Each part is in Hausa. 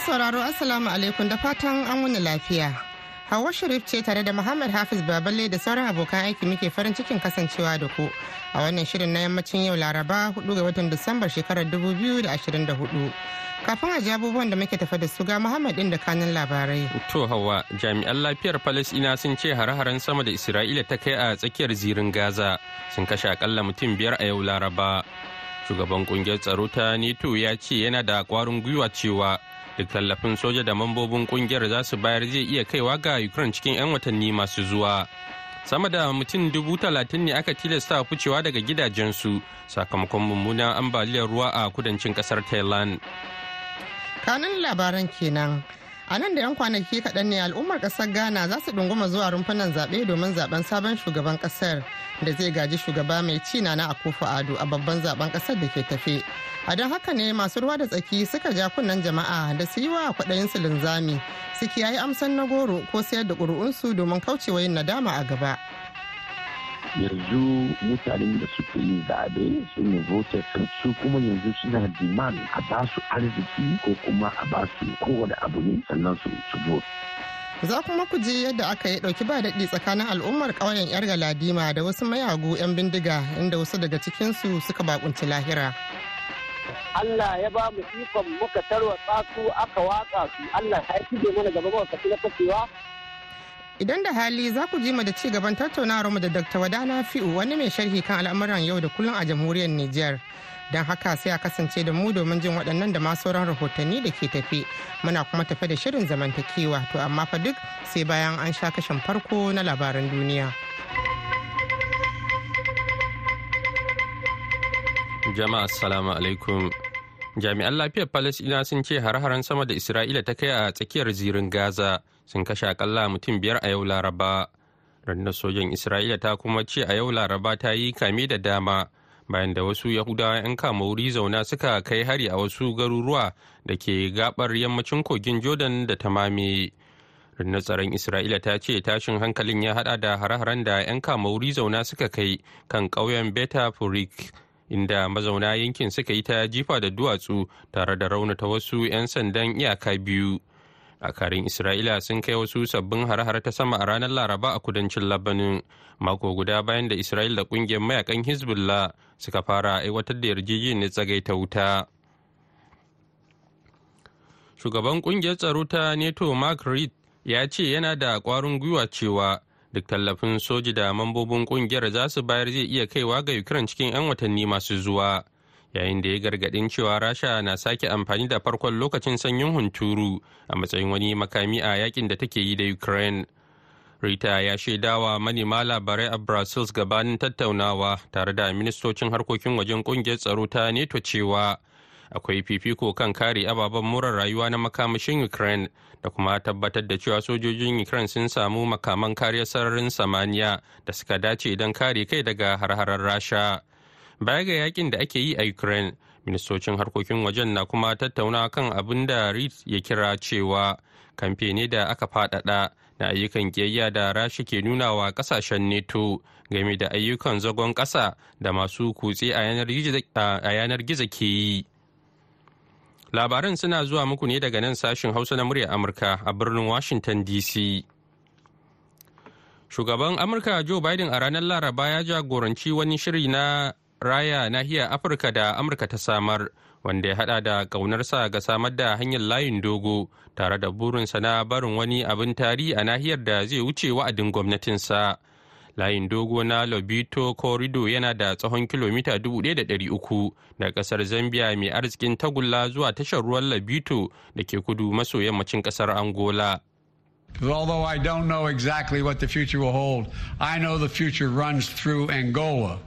masu sauraro assalamu alaikum da fatan an wani lafiya hawa sharif ce tare da muhammad hafiz babale da sauran abokan aiki muke farin cikin kasancewa da ku a wannan shirin na yammacin yau laraba 4 ga watan disambar shekarar 2024 kafin a ji abubuwan da muke tafa da su ga Muhammad din da kanin labarai. To hawa jami'an lafiyar palestina sun ce har haren sama da Isra'ila ta kai a tsakiyar zirin Gaza sun kashe akalla mutum biyar a yau Laraba. shugaban kungiyar tsaro ta nato e ya ce yana da kwarin gwiwa cewa duk tallafin soja da mambobin kungiyar za su bayar zai iya kaiwa ga ukraine cikin 'yan watanni masu zuwa sama da mutum dubu talatin ne aka tilasta ficewa daga gidajensu sakamakon mummunan ambaliyar ruwa a kudancin kasar thailand kanun labaran kenan a nan da 'yan kwanaki kaɗan ne al'ummar ƙasar ghana za su ɗunguma zuwa rumfunan zaɓe domin zaɓen sabon shugaban ƙasar da zai gaji shugaba mai ci na na akufo ado a babban zaɓen ƙasar da ke tafe a don haka ne masu ruwa da tsaki suka ja kunnen jama'a da su yi wa kwaɗayin su linzami su kiyaye amsan na goro ko sayar da ƙuri'unsu domin kaucewa yin nadama a gaba yanzu mutanen da suka yi zaɓe yi ne voters su kuma yanzu suna demand a ba su arziki ko kuma a ba su kowane abu ne sannan su su vote. Za kuma ku je yadda aka yi ɗauki ba daɗi tsakanin al'ummar ƙauyen 'yar galadima da wasu mayagu 'yan bindiga inda wasu daga cikinsu suka bakunci lahira. Allah ya ba mu ikon muka tarwatsa su aka watsa su Allah ya shige mana gaba ba ka na kacewa Idan da hali za ku ji mu da ci gaban tattaunawar mu da Dr. Wadana Fi'u wani mai sharhi kan al'amuran yau da kullum a jamhuriyar Nijar. Don haka sai a kasance da mu domin jin waɗannan da masu sauran rahotanni da ke tafi. Muna kuma tafe da shirin zamantakewa to amma fa duk sai bayan an sha kashin farko na labaran duniya. Jama'a assalamu alaikum. Jami'an lafiyar palestina sun ce har-haren sama da Isra'ila ta kai a tsakiyar zirin Gaza sun kashe akalla mutum biyar a yau laraba rundunar sojan isra'ila ta kuma ce a yau laraba ta yi kame da dama bayan da wasu yahudawa 'yan kama wuri zauna suka kai hari a wasu garuruwa da ke gabar yammacin kogin jordan da ta mame. rundunar tsaron isra'ila ta ce tashin hankalin ya hada da hare-haren da 'yan kama wuri zauna suka kai kan ƙauyen beta furik inda mazauna yankin suka yi ta jifa da duwatsu tare da raunata wasu 'yan sandan iyaka biyu Dakarun Isra'ila sun kai wasu sabbin har-har ta sama a ranar Laraba a kudancin Labanin, mako guda bayan da Isra'ila da kungiyar mayakan Hezbollah suka fara aiwatar da yarjejeniyar ta wuta. Shugaban kungiyar tsaro ta NATO Mark Reed ya ce yana da kwarin gwiwa cewa duk tallafin soji da mambobin kungiyar za su bayar zai iya kaiwa ga Ukraine cikin 'yan watanni masu zuwa. yayin da ya gargadin cewa rasha na sake amfani da farkon lokacin sanyin hunturu a matsayin wani makami a yakin da take yi da ukraine rita ya shaidawa manema labarai a brazils gabanin tattaunawa tare da ministocin harkokin wajen kungiyar tsaro ta neto cewa akwai fifiko kan kare ababen murar rayuwa na makamashin ukraine da kuma tabbatar da cewa sojojin ukraine sun samu makaman kariyar sararin samaniya da suka dace idan kare kai daga harharar rasha Baya ga yakin da ake yi a Ukraine, ministocin harkokin wajen na kuma tattauna kan abin da Reed ya kira cewa kamfe ne da aka fadada na ayyukan kiyayya da rashi ke nuna wa kasashen neto game da ayyukan zagon kasa da masu kutse a yanar gizo ke yi. Labaran suna zuwa muku ne daga nan sashin Hausa na murya Amurka a birnin Washington DC. Shugaban Amurka Joe Biden a ranar Laraba ya jagoranci wani shiri na raya nahiyar afirka da amurka ta samar wanda ya hada da kaunarsa ga samar da hanyar layin dogo tare da burinsa na barin wani abin tarihi a nahiyar da zai wuce wa'adin gwamnatinsa layin dogo na lobito corridor yana da tsawon kilomita 1,300 da kasar zambia mai arzikin tagulla zuwa tashar ruwan lobito da ke kudu maso yammacin kasar angola Although I don't know exactly what the future will hold, I know the future runs through Angola.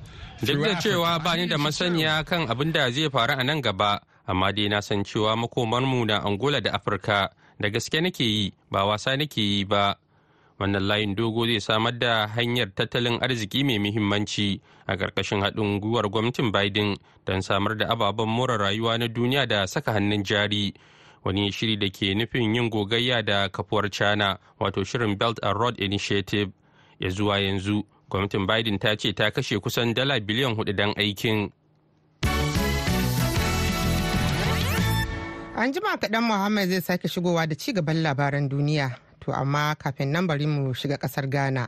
Duk da cewa ba ni da masaniya kan abin da zai faru a nan gaba, amma dai na san cewa makomarmu na Angola da Afirka da gaske nake yi ba wasa nake yi ba. Wannan layin dogo zai samar da hanyar tattalin arziki mai muhimmanci a karkashin haɗin gwiwar gwamnatin Biden don samar da ababen more rayuwa na duniya da saka hannun jari. Wani shiri da ke nufin yin gogayya da kafuwar China wato shirin Belt and Road Initiative ya zuwa yanzu Gwamnatin Biden ta ce ta kashe kusan dala biliyan hudu don aikin. An jima kaɗan Muhammad zai sake shigowa da ci gaban labaran duniya. To amma kafin nan bari mu shiga ƙasar Ghana.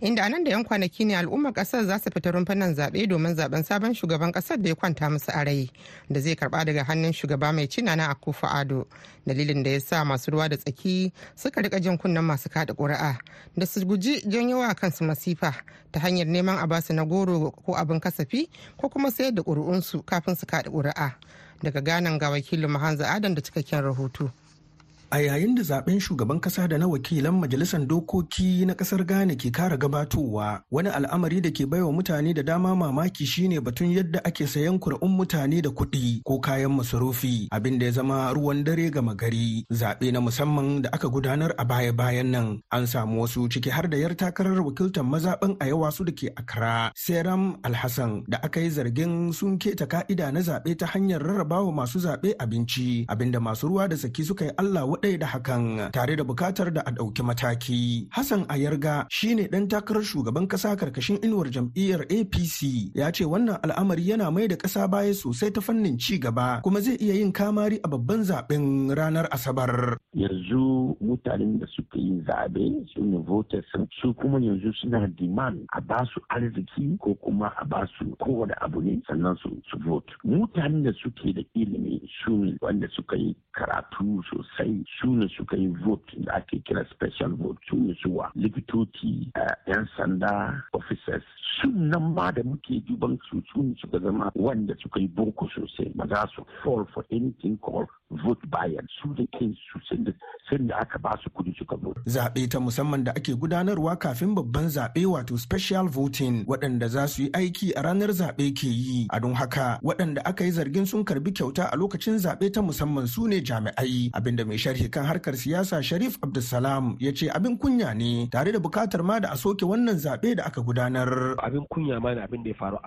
inda nan da 'yan kwanaki ne al'ummar kasar za su fita rumfunan zaɓe domin zaben sabon shugaban kasar da ya kwanta musu a rai da zai karba daga hannun shugaba mai cina na akufa ado dalilin da ya sa masu ruwa da tsaki suka rika jin kunnen masu kada ƙuri'a da su guji janyo wa kansu masifa ta hanyar neman a basu na goro ko abin kasafi ko kuma sayar da ƙuri'unsu kafin su kada ƙuri'a daga ganan ga wakilin mahanza adam da cikakken rahoto. a yayin da zaben shugaban kasa da na wakilan majalisar dokoki na kasar ghana ke kara gabatowa wani al'amari da ke baiwa mutane da dama mamaki shine batun yadda ake sayan kur'un mutane da kuɗi ko kayan masarufi abin da ya zama ruwan dare gama gari zaɓe na musamman da aka gudanar a baya bayan nan an samu wasu ciki har da yar takarar wakiltar mazaɓen a yawa su da ke accra seram alhassan da aka yi zargin sun keta ka'ida na zaɓe ta hanyar rarrabawa masu zaɓe abinci abinda masu ruwa da saki suka yi allah wadai da hakan tare da bukatar da a ɗauki mataki. Hassan Ayarga shine ɗan takarar shugaban ƙasa karkashin inuwar jam'iyyar APC ya ce wannan al'amari yana mai da ƙasa baya sosai ta fannin ci gaba kuma zai iya yin kamari a babban zaben ranar Asabar. Yanzu mutanen da suka yi zaɓe su ne voters su kuma yanzu suna demand a basu arziki ko kuma a basu kowane abu ne sannan su su vote. Mutanen da suke da ilimi su wanda suka yi karatu sosai su ne suka yi vote da ake kira special vote su ne suwa likitoci euh, yan sanda officers nan ma da muke duban su su ne suka zama wanda suka yi boko sosai ba za su fall for anything called vote bayan su da ke su sun da aka ba su kudi suka vote. Zaɓe ta musamman da ake gudanarwa kafin babban zaɓe wato special voting waɗanda za su yi aiki a ranar zaɓe ke yi. A don haka waɗanda aka yi zargin sun karbi kyauta a lokacin zaɓe ta musamman su ne jami'ai abinda mai sharhi kan harkar siyasa Sharif Abdulsalam ya ce abin kunya ne tare da bukatar ma da a soke wannan zaɓe da aka gudanar. Abin kunya ma ne abin da ya faru a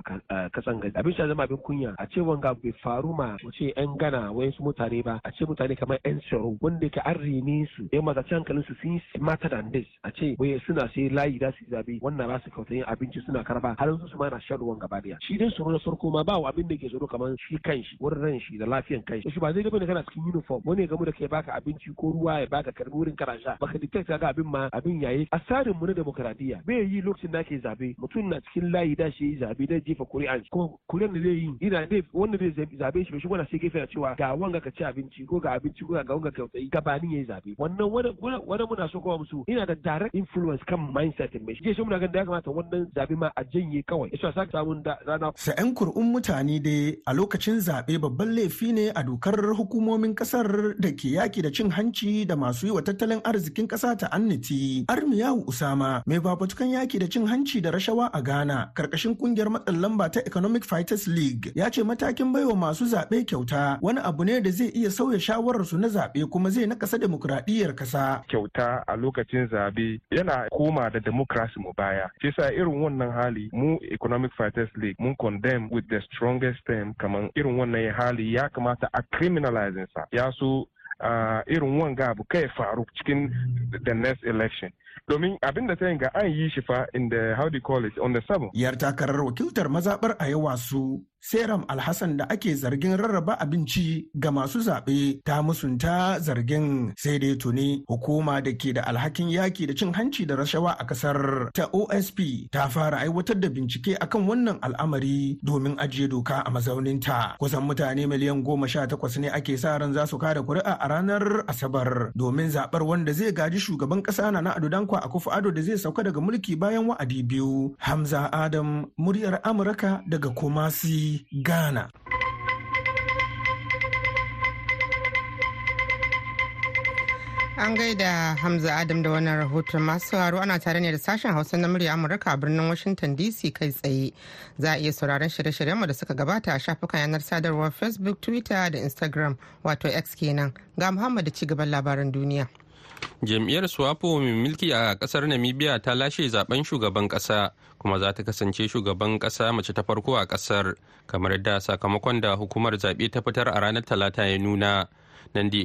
kasan gari. Abin sha zama abin kunya a ce wanga bai faru ma mu ce 'yan gana wayansu mutane ba a ce mutane kamar 'yan tsaro wanda ke an rene su ya ma ci hankalin su sun yi mata da a ce waye suna sai layi za su zabe wannan ba su kyauta yin abinci suna karba har su ma na shan ruwan gaba daya. Shi dai tsoro na farko ma ba abin da ke tsoro kamar shi kanshi wurin ran shi da lafiyan kanshi. Shi ba zai gaba da kana cikin uniform wani ya gamu da kai baka abinci abinci ko ruwa ya baka karbi wurin kana sha baka detect kaga abin ma abin yayi asarin mu na demokradiya bai yi lokacin da ake zabe mutum na cikin layi da shi zabe da jefa kuri'an kuma kuri'an ne zai yi ina ne wanda zai zabe shi shi wanda sai gefe na cewa ga wanga ka ci abinci ko ga abinci ko ga wanga ka tsayi gabanin yayi zabe wannan wanda muna so kawai musu ina da direct influence kan mindset mai shi shi muna ganin da ya kamata wannan zabe ma a janye kawai yasa sa samun rana sa'an kur'un mutane dai a lokacin zabe babban laifi ne a dokar hukumomin kasar da ke yaki da cin hanci da masu yi wa tattalin arzikin ƙasa ta anniti. Armiyahu Usama mai babatukan yaki da cin hanci da rashawa a Ghana karkashin kungiyar matsan lamba ta Economic Fighters League ya ce matakin baiwa masu zaɓe kyauta wani abu ne da zai iya sauya shawarar su na zaɓe kuma zai nakasa demokuraɗiyyar ƙasa. Kyauta a lokacin zaɓe yana koma da democracy mu baya. Shi sa irin wannan hali mu Economic Fighters League mun condemn with the strongest term kamar irin wannan hali ya kamata a criminalizing sa. Ya so irin wanga abu kai faru cikin the next election domin abin da ta ga an yi shi fa in the how do you call it on the seven yar takarar wakiltar mazabar a yawa su seram alhassan da ake zargin rarraba abinci ga masu zaɓe ta musunta zargin sai dai tuni hukuma da ke da alhakin yaki da cin hanci da rashawa a kasar ta osp ta fara aiwatar da bincike akan wannan al'amari domin ajiye doka a mazauninta kusan mutane miliyan goma sha takwas ne ake sa ran za su kada kuri'a a ranar asabar domin zaɓar wanda zai gaji shugaban ƙasa na na adudankwa a kufu ado da zai sauka daga mulki bayan wa'adi biyu hamza adam muryar amurka daga kumasi Ghana. An gaida Hamza Adam da wannan rahoton masu sauraro ana tare ne da sashen Hausa na murya Amurka a birnin Washington DC kai tsaye. Za a iya sauraron shirye-shiryenmu da suka gabata a shafukan yanar sadarwar Facebook, Twitter da Instagram wato X kenan. Ga Muhammad da cigaban labaran duniya. jam'iyyar swapo mai milki a kasar namibia ta lashe zaben shugaban kasa kuma za ta kasance shugaban kasa mace ta farko a kasar kamar da sakamakon da hukumar zaɓe ta fitar a ranar talata ya nuna nan nandi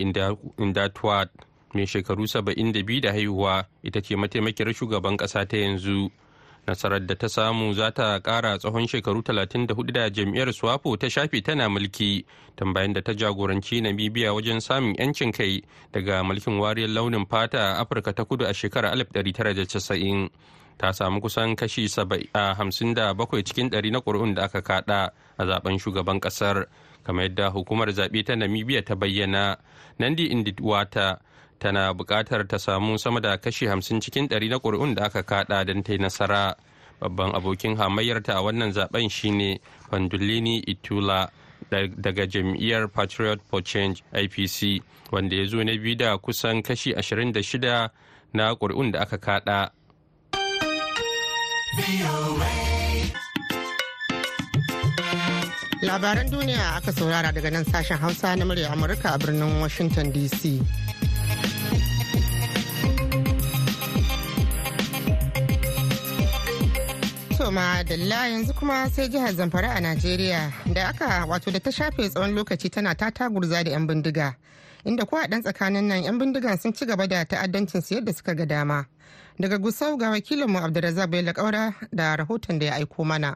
indatuwa mai shekaru 72 da haihuwa ita ce mataimakiyar shugaban kasa ta yanzu nasarar da ta samu za ta kara tsawon shekaru 34 da jam'iyyar swapo ta shafe tana mulki tambayin da ta jagoranci namibia wajen samun 'yancin kai daga mulkin wariyar launin fata a afirka ta kudu a shekarar 1990 ta samu kusan kashi 57 cikin 100 na ƙuri'un da aka kada a zaben shugaban kasar kamar yadda hukumar zaɓe ta namibia ta bayyana nandi indiwata tana bukatar ta samu sama da kashi hamsin cikin ɗari na ƙuri'un da aka kaɗa don ta yi nasara babban abokin hamayyarta a wannan zaben shine pandulini itula daga jam'iyyar patriot for change ipc wanda ya zo na biyu da kusan kashi 26 na ƙuri'un da aka kaɗa labaran duniya aka saurara daga nan sashen hausa na murya amurka a birnin washington dc Toma Dalla yanzu kuma sai jihar Zamfara a Najeriya da aka wato da ta shafe tsawon lokaci tana ta tagurza da 'yan bindiga. Inda kuwa dan tsakanin nan 'yan bindiga sun ci gaba da ta'addancin su yadda suka ga dama. Daga Gusau ga wakilinmu Abdulrazak bai laƙaura da rahoton da ya aiko mana.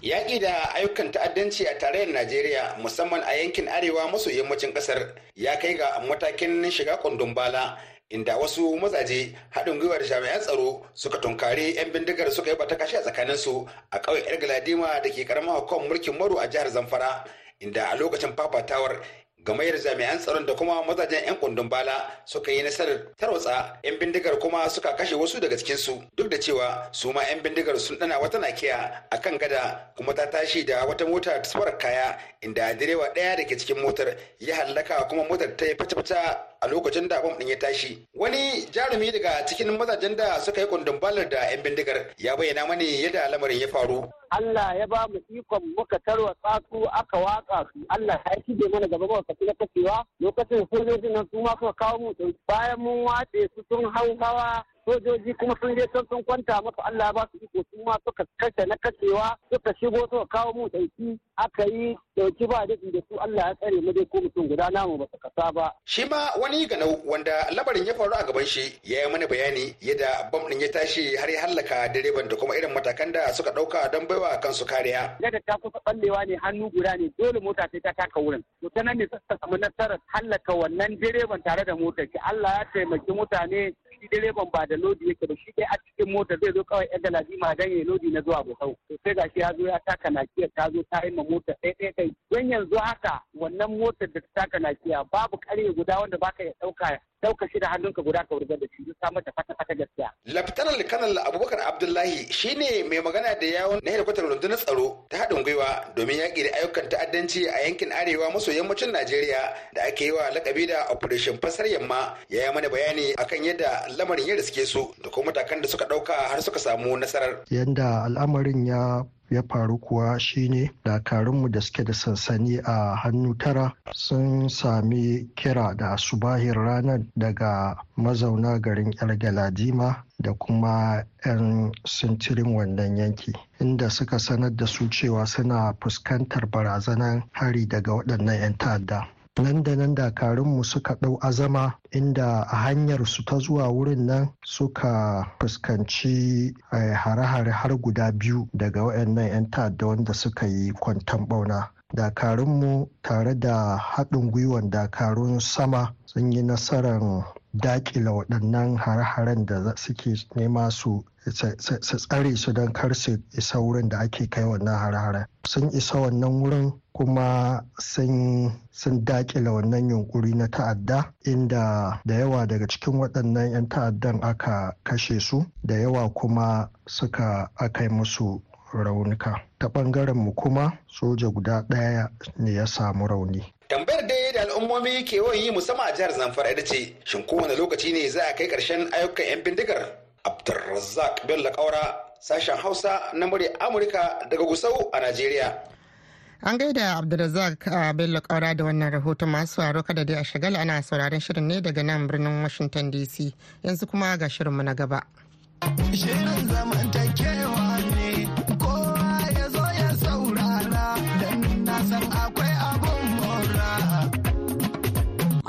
Yaƙi da ayyukan ta'addanci a tarayyar Najeriya musamman a yankin arewa maso yammacin ƙasar ya kai ga matakin shiga kundun bala inda wasu mazaje haɗin gwiwa da jami'an tsaro suka tunkari 'yan bindigar suka yi bata kashe a tsakaninsu a ƙauyen yar galadima da ke karamar hukumar mulkin maro a jihar zamfara inda a lokacin fafatawar gamayyar jami'an tsaron da kuma mazajen 'yan kundin bala suka yi nasarar tarwatsa 'yan bindigar kuma suka kashe wasu daga cikinsu duk da cewa su ma 'yan bindigar sun dana wata nakiya a kan gada kuma ta tashi da wata mota motar tasfarar kaya inda direwa ɗaya da ke cikin motar ya hallaka kuma motar ta yi fata-fata a lokacin da bom din ya tashi wani jarumi daga cikin mazajen da suka yi kundin da yan bindigar ya bayyana mani yadda lamarin ya faru Allah ya ba mu ikon muka tarwatsa su aka watsa su Allah ya shige mana gaba ba kafin na lokacin sojojin nan su ma suka kawo mu bayan mun watse su sun hau hawa sojoji kuma sun je can sun kwanta masu Allah ba su iko su ma suka kashe na kashewa suka shigo suka kawo mu sauki. aka yi dauki ba daɗi da su Allah ya tsare mu dai ko mutum guda namu ba su kasa ba. Shi ma wani ganau wanda labarin ya faru a gaban shi ya yi mana bayani yadda bam ɗin ya tashi har ya hallaka direban da kuma irin matakan da suka ɗauka don baiwa kansu kariya. da ta kusa ɓallewa ne hannu guda ne dole mota sai ta taka wurin. To ta nan ne suka samu nasarar hallaka wannan direban tare da motar. Allah ya taimaki mutane shi direban ba da. da lodi yake da shi dai a cikin mota zai zo kawai yan galadi ma ganye lodi na zuwa buhau to sai gashi ya zo ya taka nakiya ta zo ta yi ma mota ɗaya ɗaya kai don yanzu haka wannan motar da ta taka nakiya babu karya guda wanda baka ya ɗauka dauka shi da hannunka guda ka wurgar da shi zai samar da fata fata gaskiya. Laftanar Kanal Abubakar Abdullahi shi ne mai magana da yawon na hedikwatar rundunar tsaro ta haɗin gwiwa domin yaƙi da ayyukan ta'addanci a yankin arewa maso yammacin Najeriya da ake yi wa lakabi da Operation Fasar Yamma ya yi mana bayani akan yadda lamarin ya riske bincike su da kuma matakan da suka ɗauka har suka samu nasarar. Yanda al'amarin ya ya faru kuwa shine dakarunmu da suke da sansani a hannu tara sun sami kira da subahir ranar daga mazauna garin Yar galadima da kuma 'yan sintirin wannan yanki inda suka sanar da su cewa suna fuskantar barazanar hari daga waɗannan 'yan ta'adda nan da nan dakarunmu suka ɗau azama inda a hanyar su ta zuwa wurin nan suka fuskanci eh, hare-hare har guda biyu daga waɗannan 'yan ta'adda wanda suka yi kwantan ɓauna dakarunmu tare da haɗin gwiwan dakarun sama sun yi nasarar dakila waɗannan har haren da suke nema su tsare su don kar su isa wurin da ake kai wannan har haren sun isa wannan wurin kuma sun dakila wannan yunkuri na ta'adda inda da yawa daga cikin waɗannan 'yan ta'addan aka kashe su da yawa kuma suka aka yi musu raunuka ta ɓangaren mu kuma soja guda ɗaya ne ya samu rauni tambayar dai da al'ummomi ke yawan yi musamman a jihar zamfara ita ce shin kowane lokaci ne za a kai karshen ayyukan yan bindigar abdulrazak bello kaura sashen hausa na murya amurka daga gusau a najeriya an gaida abdulrazak ah, bello kaura da wannan rahoton masu haro kada dai a shagala ana sauraron shirin ne daga nan birnin washington dc yanzu kuma ga shirin mu na gaba shirin zamantakewa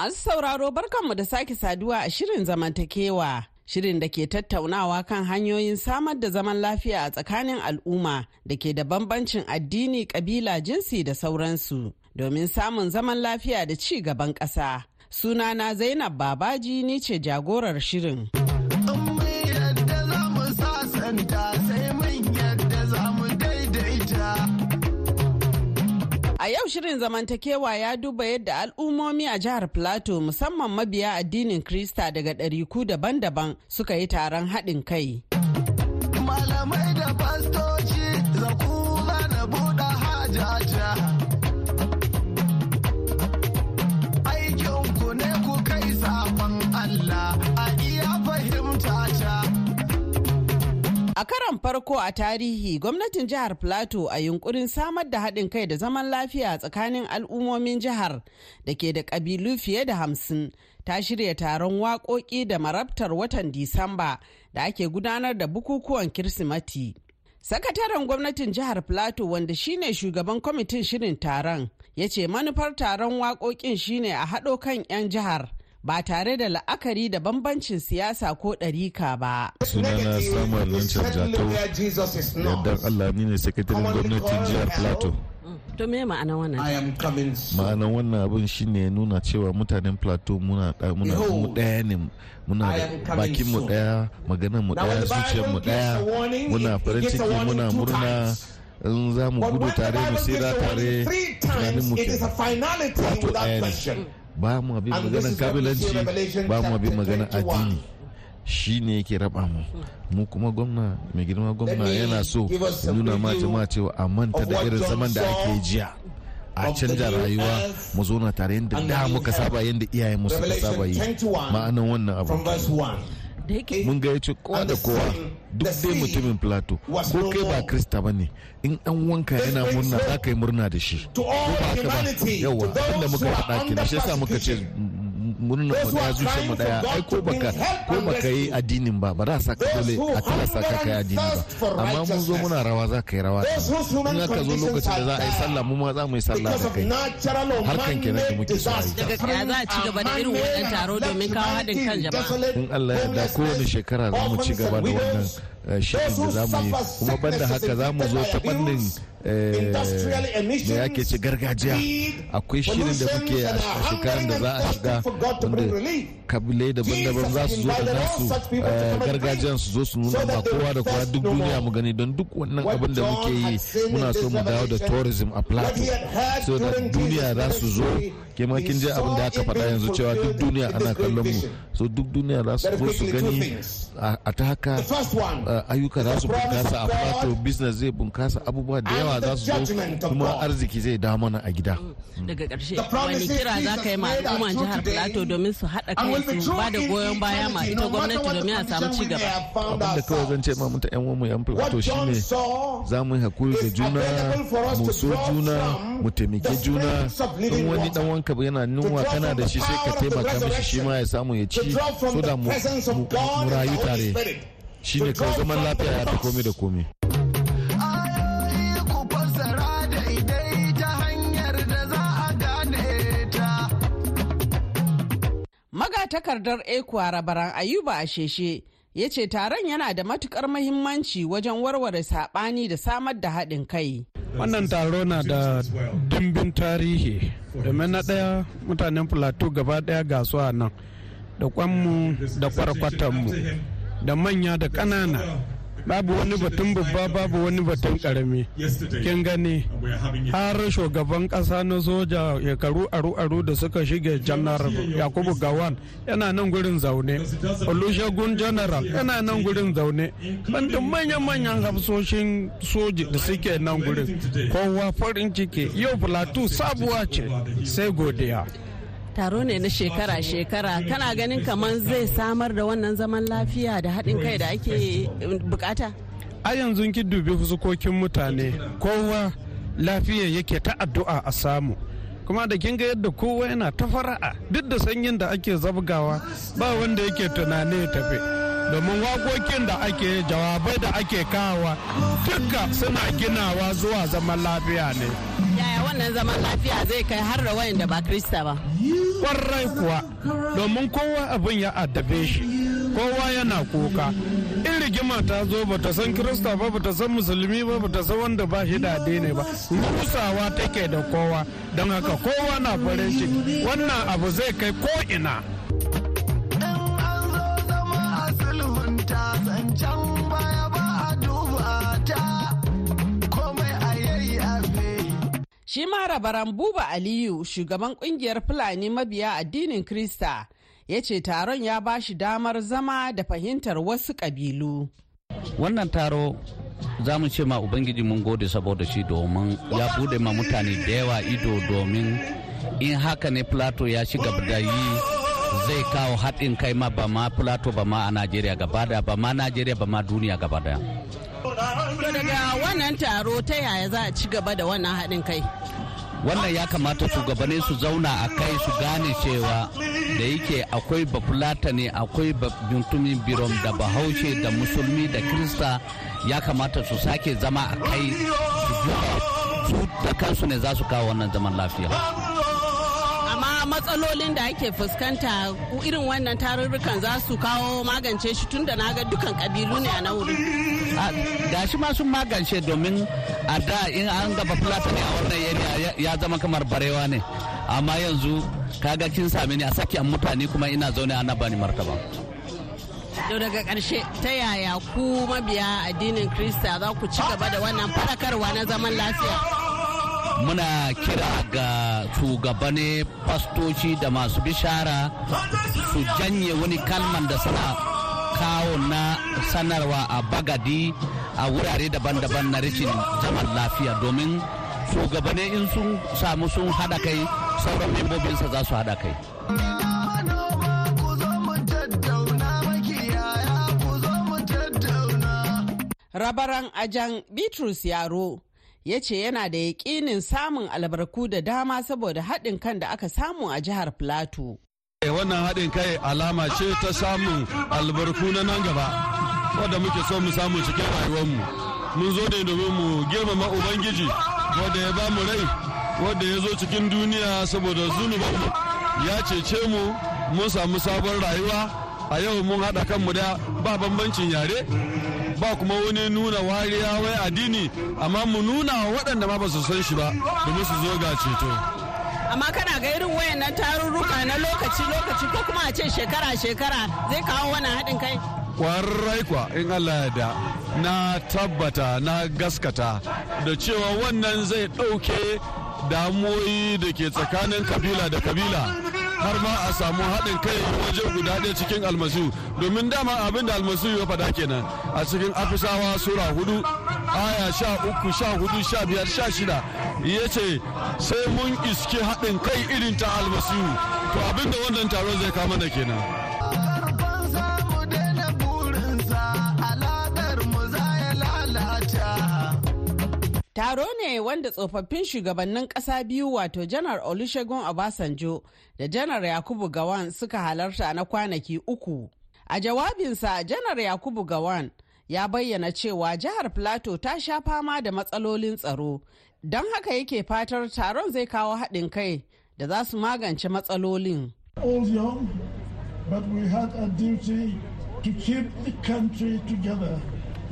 Masu sauraro barkanmu da sake saduwa a shirin zamantakewa. Shirin da ke tattaunawa kan hanyoyin samar da zaman lafiya a tsakanin al'umma da ke da bambancin addini, ƙabila jinsi da sauransu domin samun zaman lafiya da ci gaban ƙasa. Sunana Zainab Babaji ni ce jagorar shirin. A yau shirin zamantakewa ya duba yadda al'ummomi a jihar Plateau musamman mabiya addinin Krista daga ɗariku daban-daban suka yi taron haɗin kai. Malamai daban A karon farko a tarihi gwamnatin jihar Plateau a yunkurin samar da haɗin kai da zaman lafiya tsakanin al'ummomin jihar da ke da ƙabilu fiye da hamsin ta shirya taron waƙoƙi da marabtar watan Disamba da ake gudanar da bukukuwan Kirsimati. Sakataren gwamnatin jihar Plateau wanda shine shugaban kwamitin shirin taron ya ce manufar taron waƙoƙin shine a haɗo kan 'yan jihar. ba tare da la'akari da bambancin siyasa ko ɗarika ba. Sunana Samuel Lancan Jato, yadda Allah ni ne sakataren gwamnatin jihar Plateau. Mm, to me ma'anan wannan? Ma'anan wannan abin ne nuna cewa mutanen Plateau muna mu ɗaya ne muna bakin mu ɗaya maganar mu ɗaya zuciyar mu ɗaya muna farin ciki muna murna in za mu gudu tare mu tsira tare tunanin mu wato ɗaya eh, ne ba mu abin maganar kabilanci ba mu abin maganar addini shi ne yake raba mu mu kuma gwamna mai girma gwamna yana so nuna ma jama'a cewa a manta da irin zaman da ake jiya a canja rayuwa mu zauna tare yadda da muka saba yadda iyayen mu suka saba yi ma'anan wannan abu Eh, mun yace kowa da kowa duk dai mutumin plato ko kai ba krista ba ne in an wanka yana murna za ka yi murna da shi ko ba ka ba yawa abinda muka faɗa kenan shi yasa muka ce murnar mu mu daya ai ko baka ko baka yi addinin ba ba za ka dole a tilasta ka kai addini ba amma mun zo muna rawa za ka yi rawa in aka zo lokacin da za a yi sallah mu ma za mu yi sallah da kai ke kenan da muke so a yi ta ya za a ci gaba da irin wannan taro domin kawo haɗin kan jama'a in Allah ya yarda kowane shekara za mu ci gaba da wannan eh, shirin da za mu yi kuma banda haka za mu zo ta fannin da ke ci gargajiya akwai shirin da muke a shekaran da za a shiga to bring relief. kabilai daban-daban za su zo da nasu eh, gargajiyar su zo su nuna ba kowa da kowa duk duniya mu gani don duk wannan abin da muke yi muna so mu dawo da tourism a plateau so da duniya za su zo ke kin je abin da aka faɗa yanzu cewa duk duniya ana kallon mu so duk duniya za su zo su gani a ta haka eh, ayyuka za su bunkasa a plateau business zai bunkasa abubuwa da yawa za su zo kuma arziki zai dawo mana a gida mm. daga ƙarshe wani kira za ka yi ma al'umma jihar plateau domin su haɗa kai su ba da goyon baya ma ita gwamnati domin a samu ci gaba abinda kawai zan ce ma mutu yan uwanmu yan plato shine za mu yi hakuri da juna mu so juna mu taimake juna in wani dan wanka yana nunwa kana da shi sai ka taimaka mishi shi ma ya samu ya ci so da mu rayu tare shine kawai zaman lafiya ya fi komai da komai takardar ekuwa rabaran ayuba a sheshe ya ce taron yana da matukar mahimmanci wajen warware saɓani da samar da haɗin kai. Wannan taro na da dimbin tarihi domin na ɗaya mutanen plateau gaba ɗaya a nan da kwanmu da kwarkwatanmu da manya da ƙanana babu wani batun babba babu wani batun karami kin gani har shugaban kasa na soja shekaru aru-aru da suka shige janar yakubu gawan yana nan gurin zaune olusegun general yana nan gurin zaune bandin manyan-manyan hafsoshin soji da suke nan gurin kowa farin ciki yau plateau sabuwa ce sai godiya taro ne na shekara-shekara kana ganin kamar zai samar da wannan zaman lafiya da haɗin kai da ake bukata a yanzu kin dubi husukokin mutane kowa lafiya yake ta addu'a a samu kuma da kin ga yadda kowa yana ta fara'a duk da sanyin da ake zabgawa ba wanda yake tunani ya tafi domin wakokin da ake jawabai da ake kawa duka suna ginawa zuwa zaman lafiya ne wannan zaman lafiya zai kai har da wayan da ba krista ba kwarai kuwa domin kowa abin ya addabe shi kowa yana kuka in rigima ta zo ba ta san krista ba ba ta san musulmi ba ba ta san wanda ba shi dade ne ba rusawa take da kowa don haka kowa na farin ciki wannan abu zai kai ko ina in an zama Shi ma rabaran Buba Aliyu shugaban kungiyar Fulani mabiya addinin Krista ya ce taron ya ba shi damar zama da fahimtar wasu kabilu. Wannan taro za mu ce ma Ubangiji mun gode saboda shi domin ya bude ma mutane da yawa ido domin in haka ne Plato ya shiga da yi zai kawo haɗin kai ma ba ma Plato ba ma a Najeriya gaba da ba ma Najeriya ba ma duniya gaba To daga wannan taro ta yaya za a ci gaba da wannan haɗin kai? Wannan ya kamata shugabanni su zauna a kai su gane cewa da yake akwai bafulata ne akwai bintumin birom da bahaushe da musulmi da krista ya kamata su sake zama a kai su da kansu ne za su kawo wannan zaman lafiya. amma matsalolin da ake fuskanta irin wannan tarurrukan za su kawo magance shi tun da na ga dukan kabilu ne a na wuri. shi ma sun magance domin a da in an gaba fulatani a wannan yariya ya zama kamar barewa ne amma yanzu kaga kin same ni a saki an mutane kuma ina zaune ana bani martaba daga karshe ta yaya ku mabiya addinin kirista za ku ci gaba da wannan farakarwa na zaman lafiya muna kira ga shugabane fastoci da masu bishara su janye wani kalman da suna kawo na sanarwa a bagadi a wurare daban-daban na rikin zaman lafiya domin shugabanni in sun samu sun haɗa kai sauran membobinsa za su haɗa kai rabaran ajan bitrus yaro ya ce yana da yaƙinin samun albarku da dama saboda haɗin kan da aka samu a jihar plateau Eh, wannan haɗin kai alama ce ta samun albarku na nan gaba wadda muke so mu samu cikin rayuwarmu mun zo ne domin mu girmama ubangiji wadda ya ba mu rai wadda ya zo cikin duniya saboda zunubanmu ya cece mu mun samu sabon rayuwa a yau mun haɗa kan mu da ba bambancin yare ba kuma wani nuna wariya wai addini amma mu nuna waɗanda ma ba su san shi ba domin su zo ga ceto amma kana ga irin wayannan tarurruka na lokaci lokaci ko kuma a ce shekara shekara zai kawo wani haɗin kai kwarai kwa in Allah ya da na tabbata na gaskata da cewa wannan zai ɗauke damuwoyi da ke tsakanin kabila da kabila har ma a samu haɗin kai waje guda ɗaya cikin almasihu domin dama abin da almasihu ya faɗa kenan a cikin afisawa sura hudu aya sha uku sha hudu sha biyar sha shida ya ce sai mun iske haɗin kai irin ta almasihu to abin da wannan taron zai kama da kenan Taro ne wanda tsofaffin shugabannin ƙasa biyu wato Janar Olusegun Obasanjo da Janar Yakubu Gawan suka halarta na kwanaki uku. A jawabinsa Janar Yakubu Gawan ya bayyana cewa jihar Plateau ta sha fama da matsalolin tsaro, don haka yake fatar taron zai kawo haɗin kai da za su magance matsalolin. but we had a duty to keep the country together.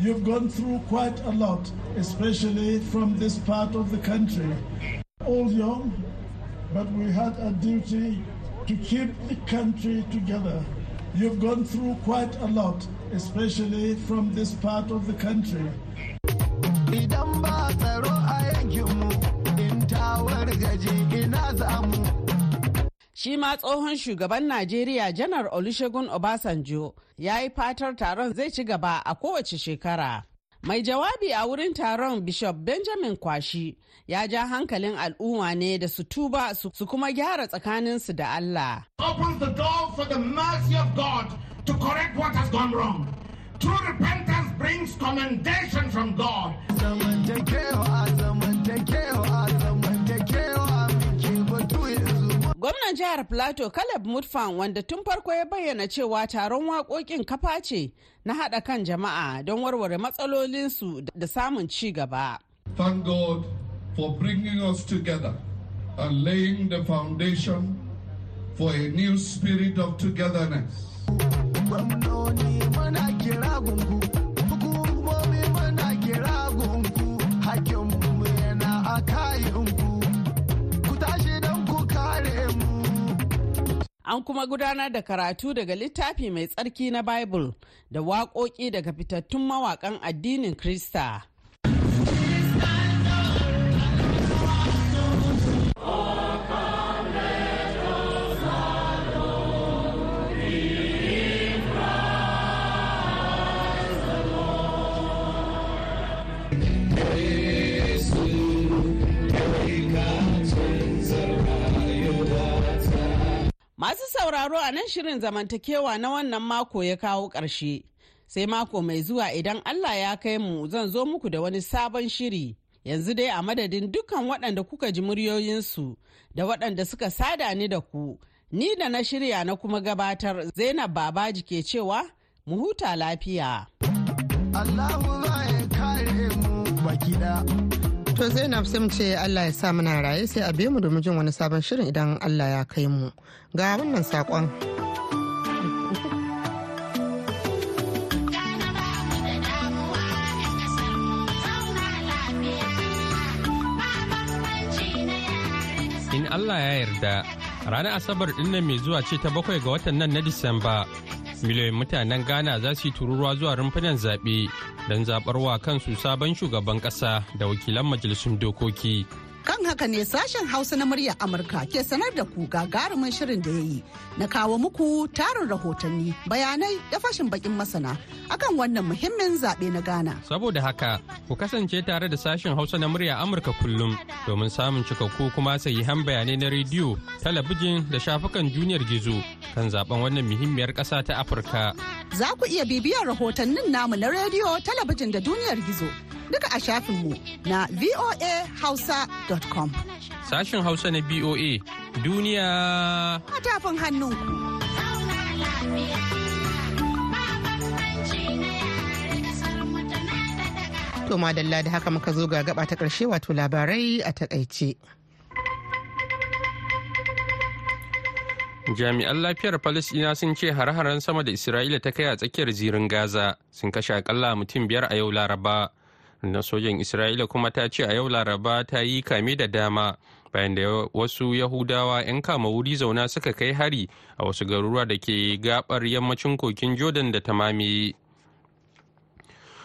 You've gone through quite a lot, especially from this part of the country. All young, but we had a duty to keep the country together. You've gone through quite a lot, especially from this part of the country. Shi ma tsohon shugaban Najeriya Janar Olusegun Obasanjo ya yi fatar taron zai ci gaba a kowace shekara. Mai jawabi a wurin taron Bishop Benjamin Kwashi ya ja hankalin al'umma ne da su tuba su kuma gyara tsakaninsu da Allah. Opens the door for the mercy of God to correct what has gone wrong. True repentance brings commendation from God. Gwamnan jihar Plateau Caleb Mutfan wanda tun farko ya bayyana cewa taron waƙoƙin kafa ce na haɗa kan jama'a don warware matsalolinsu da samun ci gaba. Thank God for bringing us together and laying the foundation for a new spirit of togetherness. An kuma gudanar da karatu daga littafi mai tsarki na Bible da waƙoƙi daga fitattun mawaƙan addinin Krista. Masu sauraro a nan shirin zamantakewa na wannan mako ya kawo ƙarshe. Sai mako mai zuwa idan Allah ya kai mu zan zo muku da wani sabon shiri. Yanzu dai a madadin dukkan waɗanda kuka ji muryoyinsu da waɗanda suka sada ni da ku. Ni da na shirya na kuma gabatar Zainab Babaji ke cewa mu huta lafiya. Allahu kare mu baki To Zainab sai mu ce Allah ya sa muna raye sai a biyo mu domin jin wani sabon shirin idan Allah ya kai mu. Ga wannan saƙon. In Allah ya yarda, ranar Asabar ɗin mai zuwa ce ta bakwai ga watan nan na Disamba. miliyoyin mutanen ghana za su yi tururuwa zuwa rumfunan zaɓe don wa kansu sabon shugaban ƙasa da wakilan majalisun dokoki kan haka ne sashen hausa na murya amurka ke sanar da ku gagarumin shirin da ya yi na kawo muku tarin rahotanni bayanai da fashin bakin masana akan wannan muhimmin zaɓe na ghana saboda haka ku kasance tare da sashen hausa na murya amurka kullum domin samun cikakku kuma han bayanai na rediyo talabijin da shafukan duniyar gizo kan zaben wannan muhimmiyar ƙasa ta Afirka. Za ku iya bibiyar rahotannin namu na rediyo, talabijin da duniyar gizo duka a shafinmu na voahausa.com. Sashin Hausa na BOA duniya a tafin hannunku. To madalla da haka muka zo ga gaba ta ƙarshe wato labarai a takaice. jami'an lafiyar palestina sun ce har-haren sama da isra'ila ta kai a tsakiyar zirin gaza sun kashe akalla mutum biyar a yau laraba na sojan isra'ila kuma ta ce a yau laraba ta yi kame da dama bayan da wasu yahudawa 'yan kama wuri zauna suka kai hari a wasu garuruwa da ke gabar yammacin kokin jordan da ta mamaye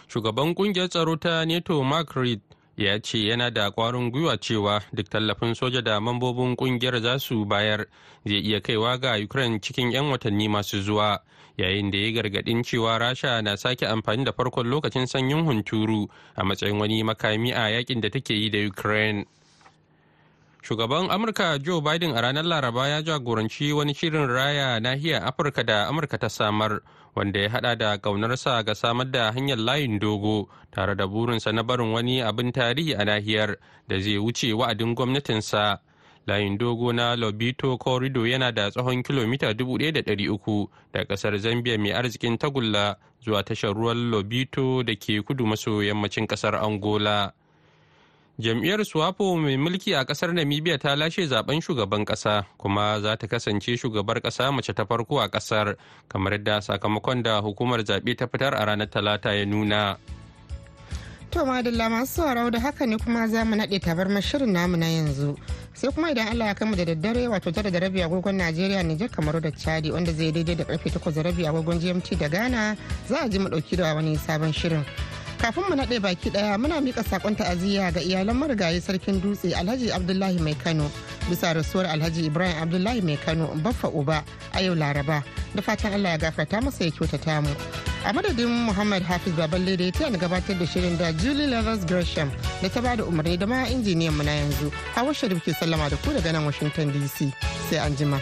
shugaban kungiyar tsaro ta neto mark reed ya ce yana da kwarin gwiwa cewa duk tallafin soja da mambobin kungiyar za su bayar zai iya kaiwa ga ukraine cikin 'yan watanni masu zuwa yayin da ya gargadin cewa rasha na sake amfani da farkon lokacin sanyin hunturu a matsayin wani makami a yakin da take yi da ukraine shugaban amurka joe biden a ranar laraba ya jagoranci wani shirin raya nahiyar afirka da amurka ta samar wanda ya hada da ƙaunarsa ga samar da hanyar layin dogo tare da burinsa na barin wani abin tarihi a nahiyar da zai wuce wa'adin gwamnatinsa layin dogo na lobito corridor yana da tsawon kilomita 1,300 da ƙasar zambia mai arzikin tagulla zuwa tashar ruwan lobito da ke kudu maso yammacin ƙasar angola Jam'iyyar Swapo mai mulki a kasar Namibia ta lashe zaben shugaban kasa kuma za ta kasance shugabar kasa mace ta farko a kasar kamar da sakamakon da hukumar zaɓe ta fitar a ranar Talata ya nuna. To madalla masu sauraro da haka ne kuma za mu naɗe tabar shirin namu na yanzu. Sai kuma idan Allah ya kama da daddare wato tara da rabi agogon Najeriya Nijar kamar da Chadi wanda zai daidai da karfe takwas da rabi agogon GMT da Ghana za a ji mu ɗauki da wani sabon shirin. kafin mu naɗe baki ɗaya muna mika sakon ta'aziyya ga iyalan marigayi sarkin dutse alhaji abdullahi mai kano bisa rasuwar alhaji ibrahim abdullahi mai kano baffa uba a yau laraba da fatan allah ya gafarta masa ya kyautata mu a madadin muhammad hafiz baballe da ya taya gabatar da shirin da julie levels gresham da ta bada umarni da ma injiniyan mu na yanzu hawa sharif ke sallama da ku daga nan washington dc sai an jima.